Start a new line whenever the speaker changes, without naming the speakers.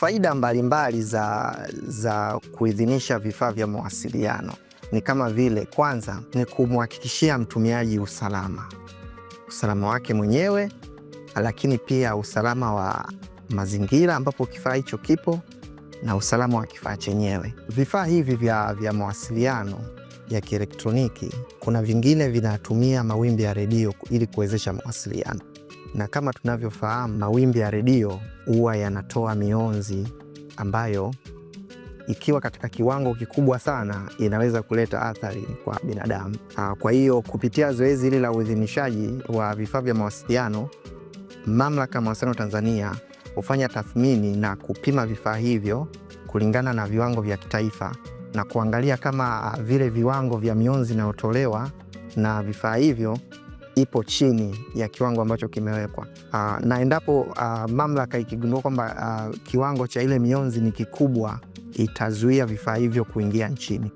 Faida mbalimbali za, za kuidhinisha vifaa vya mawasiliano ni kama vile, kwanza ni kumhakikishia mtumiaji usalama, usalama wake mwenyewe, lakini pia usalama wa mazingira ambapo kifaa hicho kipo na usalama wa kifaa chenyewe. Vifaa hivi vya, vya mawasiliano ya kielektroniki, kuna vingine vinatumia mawimbi ya redio ili kuwezesha mawasiliano na kama tunavyofahamu mawimbi ya redio huwa yanatoa mionzi ambayo ikiwa katika kiwango kikubwa sana inaweza kuleta athari kwa binadamu. Ah, kwa hiyo kupitia zoezi hili la uidhinishaji wa vifaa vya mawasiliano, Mamlaka ya Mawasiliano Tanzania hufanya tathmini na kupima vifaa hivyo kulingana na viwango vya kitaifa na kuangalia kama ah, vile viwango vya mionzi inayotolewa na, na vifaa hivyo ipo chini ya kiwango ambacho kimewekwa, ah, na endapo uh, mamlaka ikigundua kwamba uh, kiwango cha ile mionzi ni kikubwa, itazuia vifaa hivyo kuingia nchini.